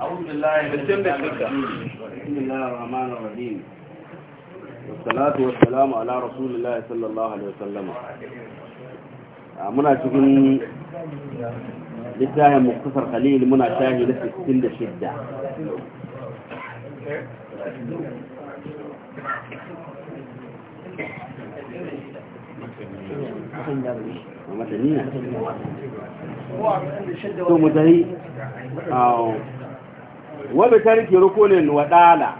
أعوذ بالله بسم الله الرحمن الرحيم والصلاة والسلام على رسول الله صلى الله عليه وسلم muna cikin littafin muktasar khalil muna shahi na 66 متنينة ثم wa bi tarki rukunin wadala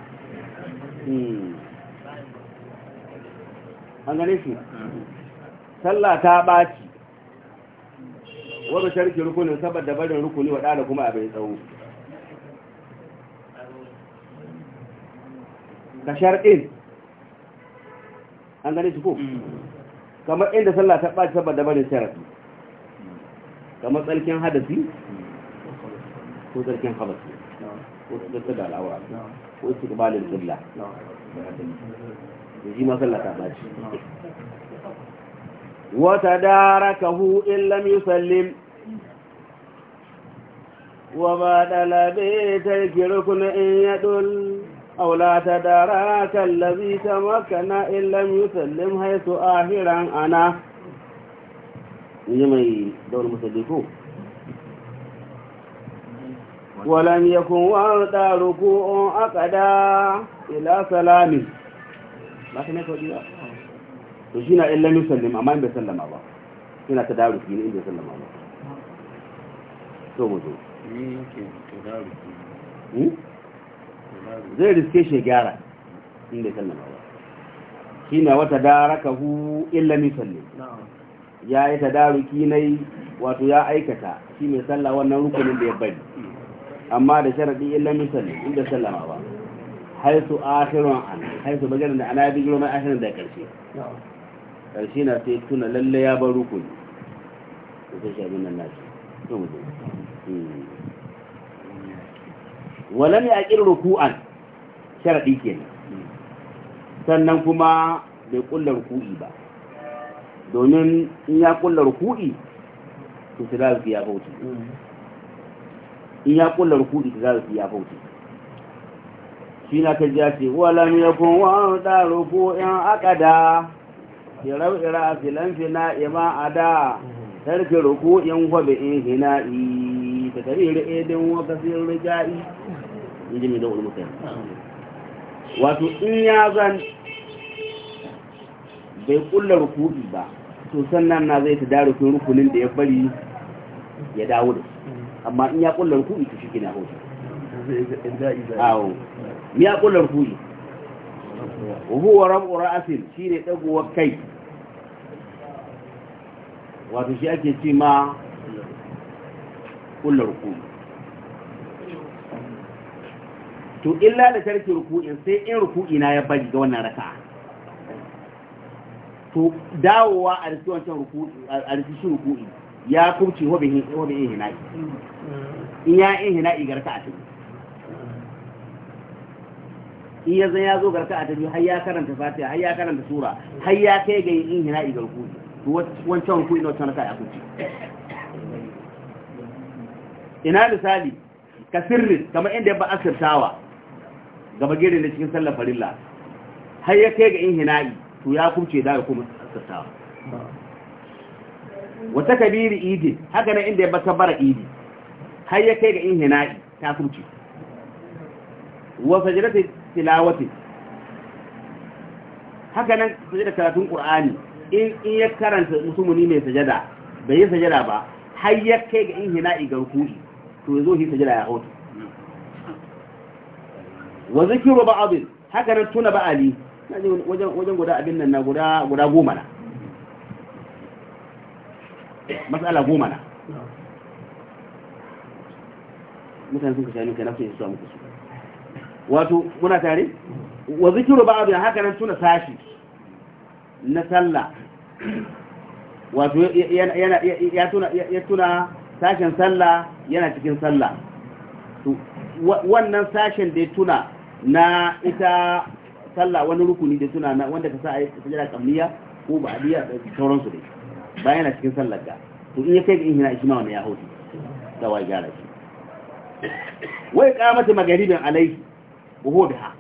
hmm. an gane shi sallah ta baci wa bi tarki rukunin saboda barin rukuni wadala kuma abin tsawo ka shar'in an gane shi ko hmm. kamar inda sallah ta baci saboda barin sharafi kamar tsarkin hadasi ko tsarkin habasi ko su da al'aura ko su zilla da shi masallata ba ce wata dara ka hu wa ba dalabe in ya dul أو لا تدراك الذي تمكن إن لم يسلم حيث آخرا أنا يجمعي دور مسلكوه ولم يكن وعد ركوع أقدا إلى سلام لكن يكو جدا وشينا إلا نسلم أما إن بسلم الله شينا تدارك جينا إن بسلم الله سوى zai riske shi gyara in bai sallama ba shi ne wata daraka hu illa misalli ya yi daruki nai wato ya aikata shi mai sallah wannan rukunin da ya bari amma da sharadi illa misal inda sallama ba haisu akhirun an haisu bagiran da ana bi girman akhirun da karshe karshe na sai tuna lalle ya bar rukuni ko sai shi abin nan nashi to mu hmm. walam ya aqir ruku'an sharadi kenan sannan kuma bai kullar ku'i ba domin in ya kullar ku'i to sai da ya bauta in ya kulla rukudi ta zarafi ya bauta shi na ta ja ce wa ya yakun wani da ruku'in akada firau ira filan fina ima ada tarki wa bi in hina'i ta tari edin wa kasir rija'i inji ji mai da ulmutai wato in ya zan bai kulla rukudi ba to sannan na zai ta da rukunin da ya bari ya dawo da amma in ya kulla ruku'i to shike na hoto awo mi ya kulla ruku'i huwa rabu ra'asin shine dagowar kai wato shi ake ce ma kulla ruku'i to illa da tarki ruku'in sai in ruku'i na ya bari ga wannan raka. to dawowa a rikicin ruku'i ruku'i ya kubci wa bihi wa in ya in hina'i garka a tabi in ya zan ya zo garka a tabi har ya karanta fatiha har ya karanta sura har ya kai ga in ga garku wancan ku ina wancan ka ya kubci ina misali ka sirri kamar inda ba asirtawa gaba gere da cikin sallar farilla har ya kai ga in hina'i to ya kubce da ya kuma asirtawa wata kabiri idi haka nan inda ya bata bara idi har ya kai ga inhina'i ta kurci wa sajdatul tilawati haka nan sajda karatun qur'ani in in ya karanta musumuni mai sajada bai yi sajada ba har ya kai ga inhina'i ga ruku'i to yazo shi sajada ya hoto wa zikru ba'd haka nan tuna ba'ali wajen wajen guda abin nan na guda guda goma na matsala goma na mutane sun ka shanu kai na sun yi suwa muku su wato muna tare wa zikiru ba abu haka nan tuna sashi na sallah wato ya tuna sashen sallah yana cikin sallah wannan sashen da ya tuna na ita sallah wani rukuni da tuna wanda ka sa a yi sajada kamliya ko ba a biya da sauransu dai bayan yana cikin sallar ga to in ya kai ga ihina shi ma wannan ya hauti da wai gara shi wai kamata magaribin alaihi buhu da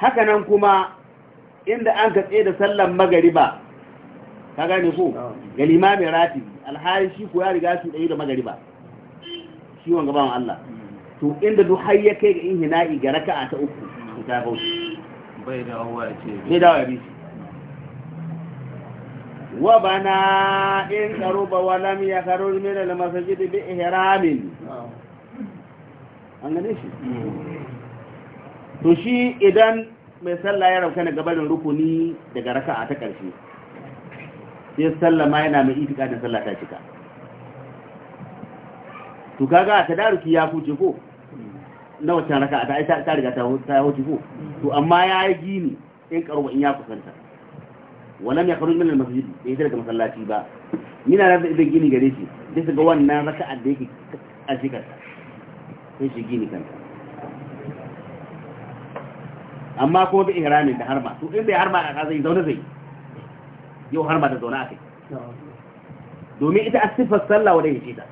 haka nan kuma inda an ka tsaye da sallar magariba ka gane ko ga limamin rati alhari shi ko ya riga shi tsaye da magariba shi wanga ba Allah to inda duk har ya kai ga ihina'i ga raka'a ta uku ta hauti bai da ya ce bai dawo ya bi وبنى إن قرب ولم يخرج من المسجد بإحرام an gane shi to shi idan mai sallah ya rauka na gabanin rukuni daga raka'a ta ƙarshe sai sallah ma yana mai itika da sallah ta cika to kaga ta daruki ya huce ko na waccan raka'a ta ta riga ta huce ko to amma ya yi gini in karuwa in ya kusanta walam ya faru min al-masjid bai daga masallaci ba mina da idan gini gare shi ga wannan raka'a da yake a shekar sai shi gini kanta amma ko da ihramin da harba in bai harba a zai zaune zai yau harba da zaune a kai domin ita a siffar sallah wadda ya ce ta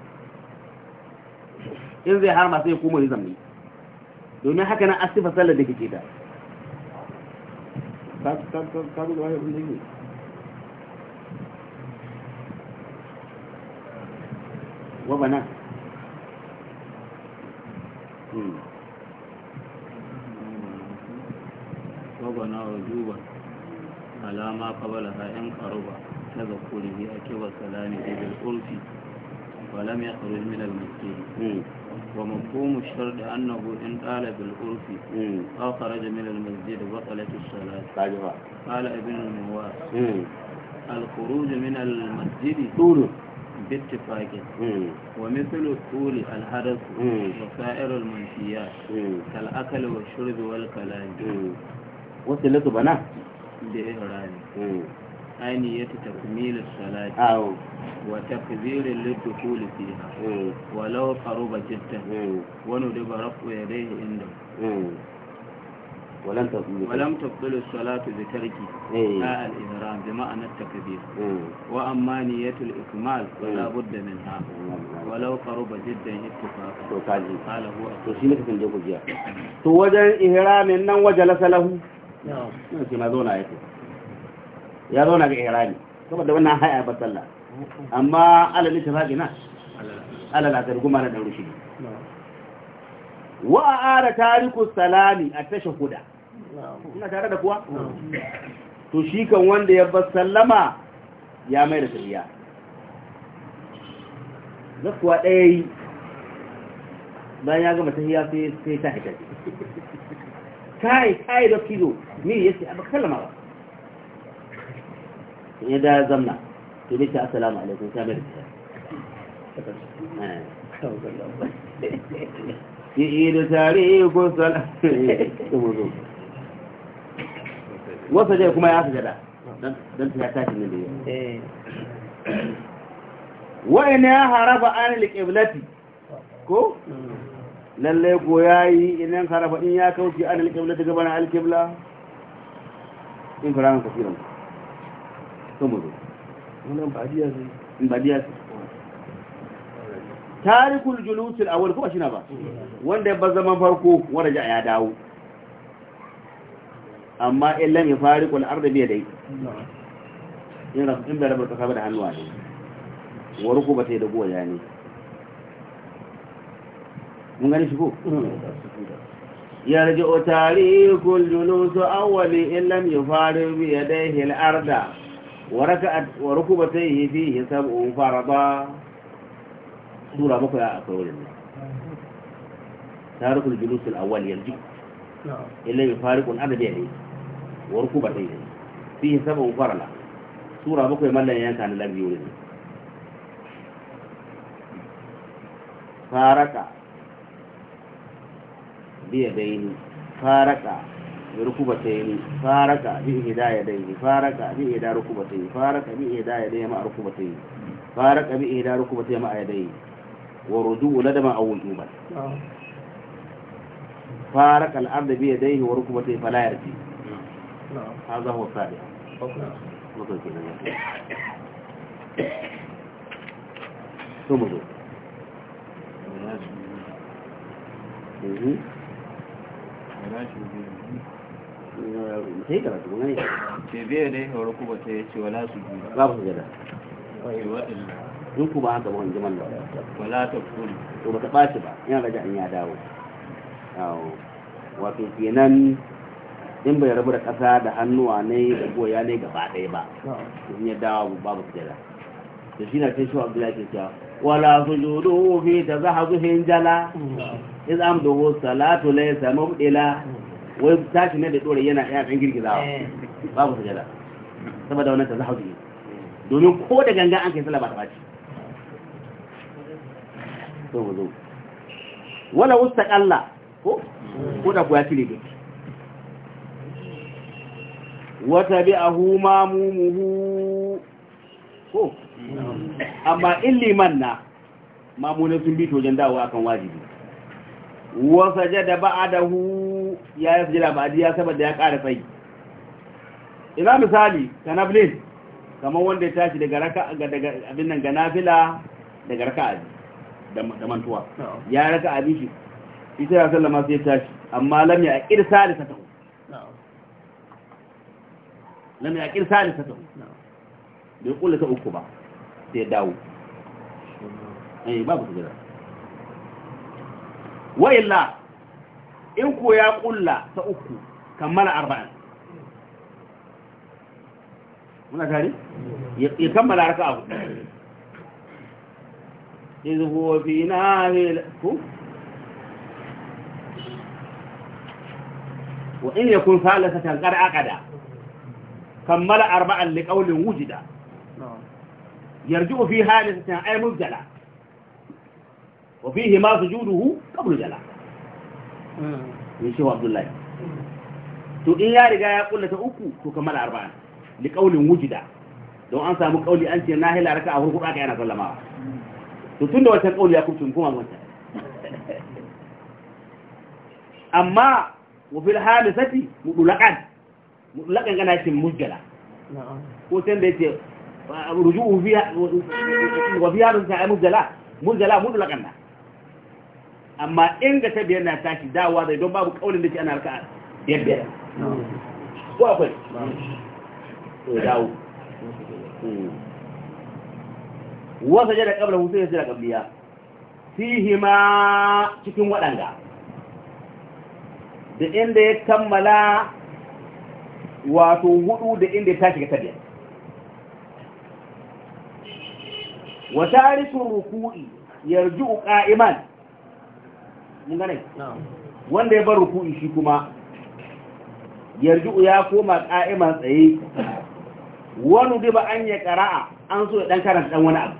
in zai harba sai kuma rizam ne domin haka nan a siffar sallah da ke ce ka ka duba ne wa juba alama kabala ha yan karuba ta zakuri a kibar salami da bil'ulfi ولم يخرج من المسجد ومفهوم الشرط أنه إن قال بالعرف أو خرج من المسجد بطلت الصلاة قال ابن النواس الخروج من المسجد طول باتفاق ومثل الطول الحدث وسائر المنشيات كالأكل والشرب والكلام وصلت بنا بإهرام أنية تكميل الصلاة أو وتقدير للدخول فيها ولو قرب جدا وندب رفع يديه عنده ولم تقبل ولم تقبل الصلاة بترك آه الإحرام بمعنى التكبير وأما نية الإكمال فلا بد منها ولو قرب جدا اتفاقا قال هو تسيلك في الجوكو تو وجل إحرام إنن وجلس له نعم نعم كما دون آيته ya zauna ga irani saboda wannan haya ba sallah amma alal ittifaqi na alal azar guma na dauru shi wa ara tariku salami at-tashahhuda ina tare da kuwa to shi kan wanda ya bar sallama ya mai da tafiya kuwa ɗaya yi bayan ya gama tafiya sai ta haifar kai kai da kilo ne ya ce a ba sallama ba ya da zamna to ne ta assalamu alaikum ta mai eh. ki idu tare ko sala wasa je kuma ya su jada dan ta tashi ne da yau eh. wa in ya haraba an alqiblati ko lalle ko yayi idan harafa in ya kauce an alqiblati gaban alqibla in fara ka firan saboda wannan badiya ne badiya tarikul julusul awwal kuma ba wanda ba zaman farko wanda ja ya dawo amma illam farikul ardi bi dai yana in da rabar kasa da hannuwa ne ko ba sai yi da goya ne mun gani shi ko yarji o tarikul julusu awwali illam yafariqu bi yadayhi al arda وركعت وركبتيه فيه سبع فرضا سورة بكرة أقول الله تارك الجلوس الأول يرجع إلا يفارق العدد يليه وركبتيه فيه سبع فرضا سورة بكرة ما لا ينسى عن الأجل يولد فارق بيدين فارق rukuba ta yi da yi faraka bi ida rukuba ta yi faraka bi ida ya dai ma rukuba ta yi faraka bi ida rukuba ta yi ma ya dai wa rudu la da ma awul umar faraka al ard bi yadayhi wa rukuba ta yi fala yarji hadha huwa sabi ثم زوج mm sai karatu ne ke biye dai horo kuma sai ce wala su su in ku ba haka ba wani da wala ta kuri to ba ta ɓaci ba yana raja ya dawo wato kenan in bai rabu da ƙasa da hannuwa ne da goya ne gaba ɗaya ba in ya dawo babu su jira da shi na ce shi abdullahi ke cewa wala su fi ta hinjala mm. iz amdu salatu laysa mubdila wai tashi ne da dore yana yana kan ba babu sujada saboda wannan ta ne domin ko da ganga an kai sallah ba ta baci to mu zo wala kalla ko ko da kuwa ya tile wata bi a huma mumuhu ko amma in liman na mamunan sun bi tojen dawo akan wajibi wasa jada ba a da ya yi sujada ba'adiyya saboda ya ƙara tsayi ina misali ka nablin kamar wanda ya tashi daga raka daga abin nan ga nafila daga raka abi da mantuwa ya raka abi shi ita ya sallama sai ya tashi amma lam a ƙir salisata lam ya aqir salisata bai kula ta uku ba sai dawo eh, babu wa illa in ku ya kulla ta uku kammala arba'in muna tare ya kammala raka abu izu huwa fi nahil ku wa in ya yakun salasatan qad aqada kammala arba'in arba'an li qawlin wujida يرجع في هذه أي مبتلى وفيه ما سجوده قبل جلاله shi wa abdullahi to in ya riga ya kulla ta uku to kammala arba'a, li qaulin wujida don an samu kauli an ce na raka a hurkuɗa ka yana sallamawa to tunda wancan kauli ya kubcin kuma wancan amma wa fil halisati mudulakan mudulakan kana cin mujjala ko san da yace ruju'u fiha wa fiha mujjala mujjala mudulakan na amma inda ta biyar na tashi dawa zai don babu kaunin da ke ana raka'a biyar biyar ko akwai to dawo hmm. wasa jada kabla hutu ya jira kabliya fi ma cikin waɗanda da inda ya kammala wato hudu da inda ya tashi ga tabiya wa tarisun ruku'i yarju qa'iman mun gane wanda ya bar kuɗi shi kuma yarju ya koma ƙa'iman tsaye wani diba an yi ƙara'a an so ɗan karanta ɗan wani abu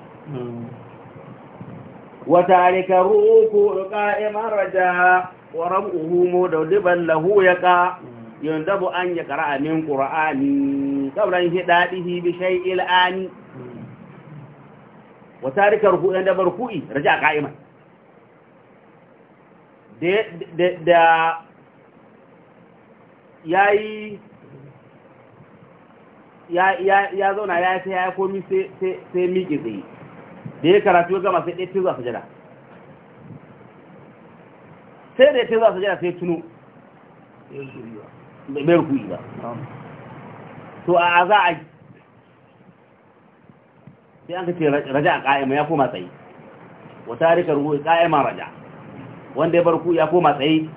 hmm. alika roko da ƙa'iman raja wa da mudawdiban lahu yanzu hmm. bu an yi ƙara'a min shi qabla hidadihi bi shay'il hmm. wata alika roko ɗan dabar kuɗi, raja ƙa'iman. da ya yi ya zauna ya ce ya komi sai miƙe zai da ya karatu gama sai ɗaya a sujada sai da ya a sujada sai tuno bai rukuni ba to a za a sai an ka raja a ƙa'ima ya koma tsaye wata rikar ruwa ƙa'ima raja wanda ya bar ku ya koma tsaye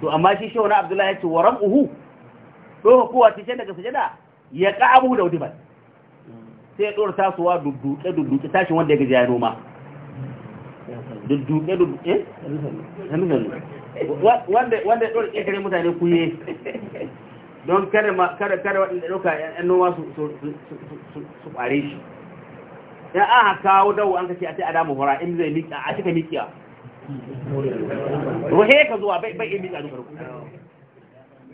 to amma shi wani abdullahi ya ce wa rabuhu ɗora kowa ce daga sujada ya abu da wudiban sai ya ɗora tasowa dudduke dudduke tashin wanda ya gaji ya noma dudduke dudduke eh? wanda wanda ya ɗora ƙirƙirin mutane kuye don kare kada ya waɗanda ɗauka ‘yan noma su ƙware shi ya an haka kawo dawo an kace a ce adamu hura in zai miƙa a cika miƙiya ruhe ka zuwa bai bai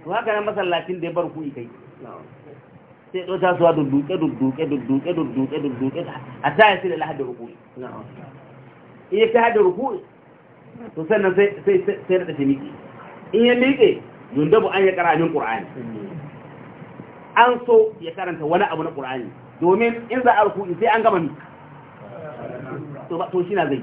to haka nan masallacin da ya bar ku kai sai suwa dudduke dudduke dudduke dudduke dudduke a ta lahadar in ya ta to sannan sai sai tafi miƙe in ya miƙe an ya karamin an so ya karanta wani abu na qur'ani domin in za a sai an gama to shi na zai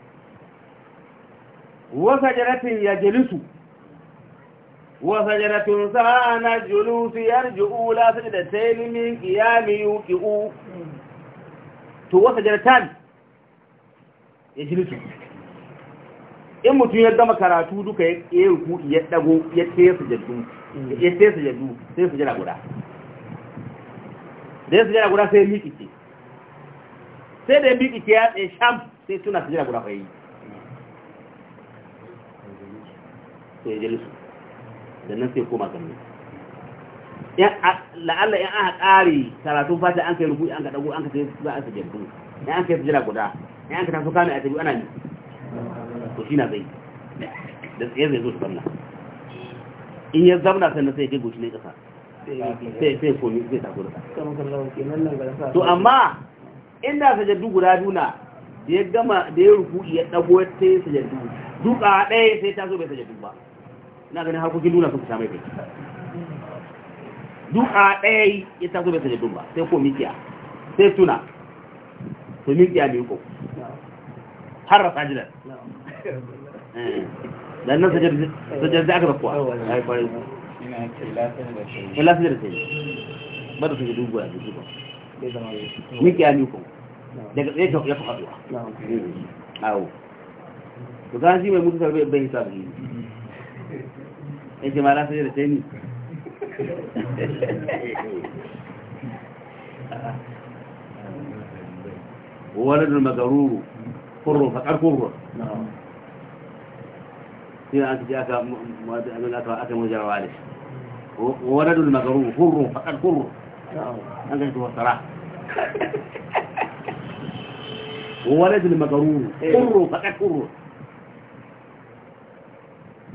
وشجرة يجلس وشجرة سان الجلوس يرجو لا سجدتين من قيام يوقئ تو وشجرتان يجلس in mutum ya gama karatu duka ya ruku ya dago ya tesa sujadu ya tesa sujadu sai sujada guda da ya guda sai miƙice sai da miƙice ya tsaye sham sai tuna guda sai jalisu da nan sai koma kan la'alla in aka ƙari karatun fata an kai rubu an ka ɗago an ka sai za a sajadu in an kai sajada guda in an ka tafi kame a tabi ana ne to shi na zai da tsaye zai zo su zamna in ya zamna na sai ya kai goshi ne ƙasa sai komi zai tafi da to amma inda sajadu guda duna da ya gama da ya rubu ya ɗago ya ta yi sajadu duka ɗaya sai ta zo bai sajadu ba na ganin harkokin sun fita mai kai du'a ɗaya ya ta zobe sajadun dumba sai ko mikiya sai tuna to mikiya biyu ko har rasa jidar eh. dan nan sajar da aka rakuwa ya yi kwarai ila da sai eh, ba da sajadun guda da su ba mikiya biyu ko daga tsaye ya fi haɗuwa awo to gazi mai mutu sarbe bai hisabi yake mara sai da teni wani da magaruru kurru faƙar kurru sai an ciki aka mazin mun jarawa da shi wani da magaruru kurru faƙar kurru an gani tuwa tsara wani da magaruru kurru faƙar kurru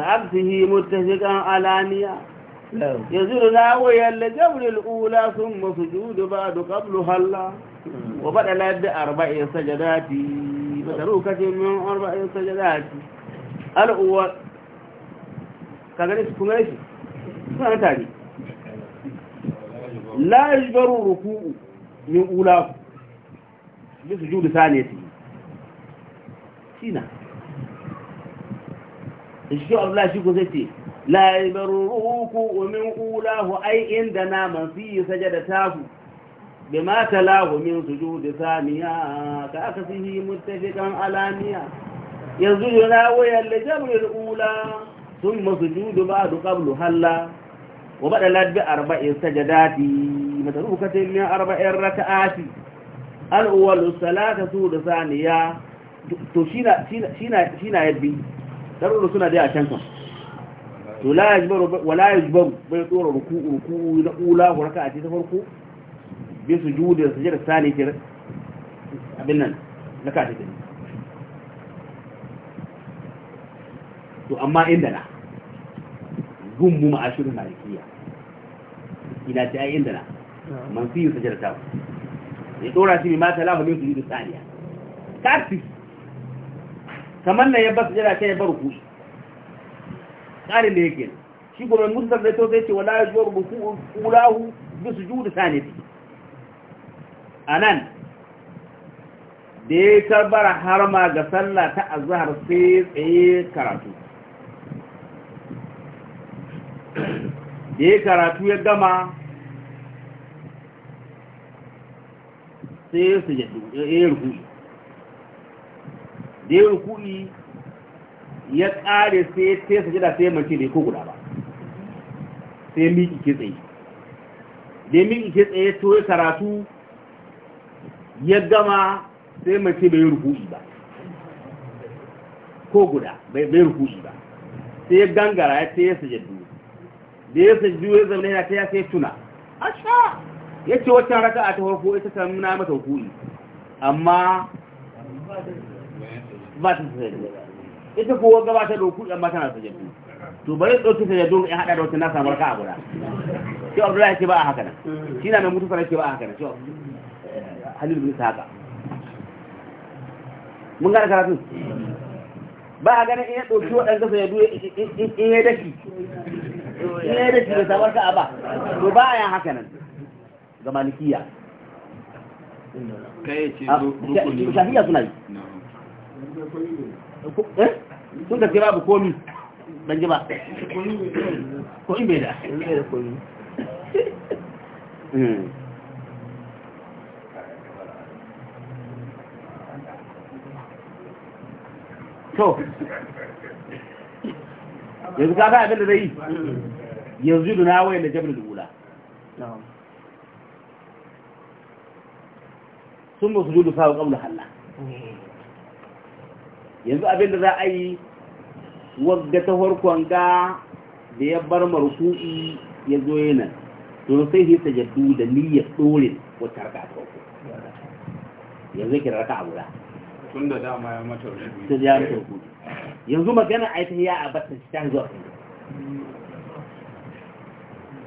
كأبسه متفقا علانيا يزيل ناويا لجبر الأولى ثم سجود بعد قبل هلا وبدل بأربع سجدات وتروكة من أربع سجدات الأول كذلك كميش سنة تالي لا يجبر ركوع من أولاه بسجود ثانية سينا shi Allah shi ko zai ce la yabaruku wa min ulahu ay indana man fi sajadatahu bima talahu min sujudi saniya ka aka akasihi muttafiqan alaniya yanzu yana wayar da jabril ula thumma sujudu ba'du qablu halla wa badalat bi arba'in sajadati matarukatin min arba'in rak'ati al-awwalu salatu saniya to shina shina shina yabi darurin suna dai a can kan to la yajbaru wa la yajbaru bai tsoro ruku'u ruku'u na ula ko raka'a ce ta farko bi sujudi da sujudi sani ke abin nan na ka ta to amma inda na gumbu ma ma'ashirin malikiya ila ta ai inda na man fi sujudi ta ya tsora shi bi ma lafa bi sujudi saniya kasi kamar na ya basu jira ta ya bar kushi tsarin da yake shi gobe musulun zai to zai ce wala yajuwar rubutu kulahu bi su judu sanidi a nan da ya karbara harma ga sallah ta azhar sai tsaye karatu da ya karatu ya gama sai su ya rufu da ya rukuni ya ƙare sai ya sai sajada sai ya mace da ko guda ba sai ya miƙi ke tsaye da ya miƙi ke tsaye to ya karatu ya gama sai mace bai rukuni ba ko guda bai rukuni ba sai ya gangara ya sai ya sajadu da ya sajadu ya zama yana ta ya sai tuna asha ya ce wacce raka a ta farko ita ta nuna mata hukuni amma ba ta ita to bari ya haɗa da wata ka a guda shi abdullahi ba a haka nan shi na mai ba a haka nan shi halilu bin mun gane karatun ba a ganin iya ɗauki waɗanda ya daki in daki da samar ka a ba to ba a yin haka nan ga malikiya kai ce ah, shafiya suna yi sun da kira bu komi ban ji ba komi bai da komi to yanzu ka abin da zai yanzu da na wayan da jabal dula sun ba su dudu fawo kabla halla yanzu abinda za a yi wadda ta farkon ga da ya bar marufu'i ya zo yana to sai shi ta jaddu da niyyar dorin wata raka ta farko yanzu kira raka a guda tun da dama ya mata wuri ta ya mata rufu yanzu magana a yi ta ya a batta ta zuwa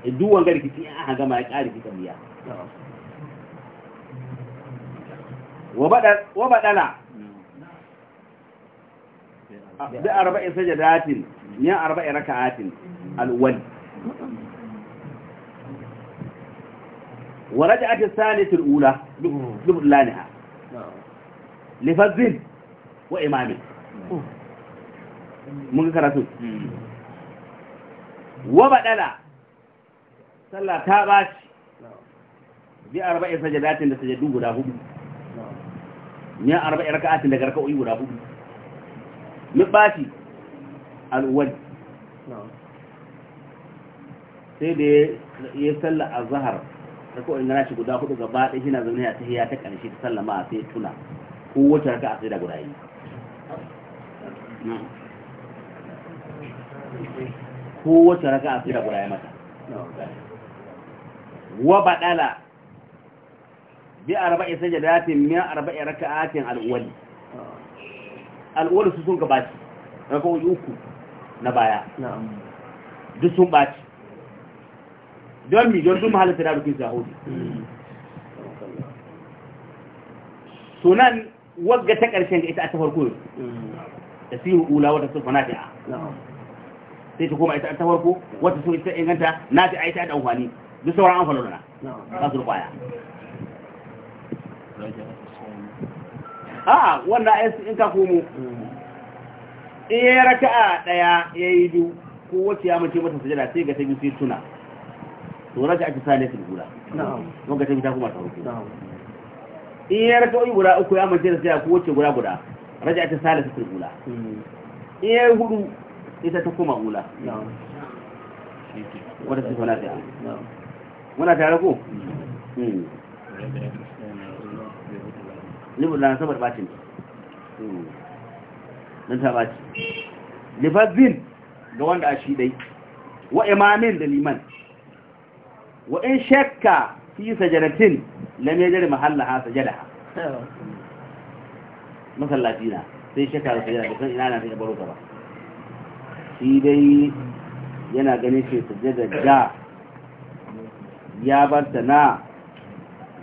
kai duwan wanga kiti a hanga ma ya kari rikicin biya wa baɗala da arba'in sajadatin min arba'in raka'atin alwal wa raj'atu salisatul ula dubulaniha li fazil wa imami mun karatu wa badala sallah ta bashi bi arba'in sajadatin da sajadu guda hudu min arba'in raka'atin da garka guda hudu lubati al'uwani, sai da ya salla a zahar da kawai na shi guda hudu gaba ɗaya shi na zaune a ta ta ƙarshe ta sallama a sai tuna ko wata raka a sai da guda yi ko wata raka a sai da guda yi mata wa baɗala bi arba'i sajadatin min arba'i raka'atin al'uwali al'uwar su sun gabaci na kawai uku na baya duk sun baci don mi don sun mahalatta da rukin zahudi sunan wagga ta ƙarshen da ita a ta farko da su yi ula wata sun fana da sai ta koma ita a ta farko wata sun ita inganta na ta aita da amfani duk sauran amfani da na za su rukwaya a'a wannan ayin in ka komo in ya raka'a ɗaya, ya yi du ko wacce ya mace mata sujada sai ga ta biyu sai tuna to raka ake sa ne su gura don ga ta biyu ta kuma ta hutu in ya raka guda uku ya mace da sai ko wacce guda guda raja ake sa ne su gura hmm. in ya yi hudu ita ta kuma gula wadda su fana ta muna tare ko? Hmm. Hmm. libula saboda bacin don ta baci lifazzin ga wanda a shi dai wa imamin da liman wa in shakka fi sajadatin lam yajri mahallaha ha masallaci na sai shakka da sajada da san ina na sai ya baro ta ba shi dai yana ganin shi sajada da ya barta na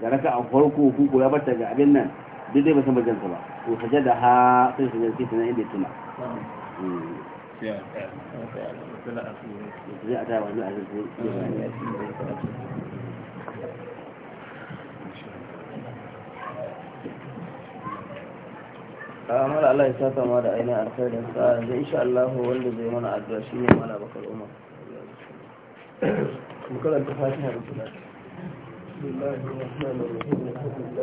ga raka a farko ko ya barta ga abin nan duk dai ba san bajansa ba to sajada ha sai sajada sai sanan inda tuna zai a tawa zuwa zai kamar ah, Allah ya saka ma da ainihin alkhairin sa yanzu insha Allah wanda zai mana addu'a ne mana bakar umar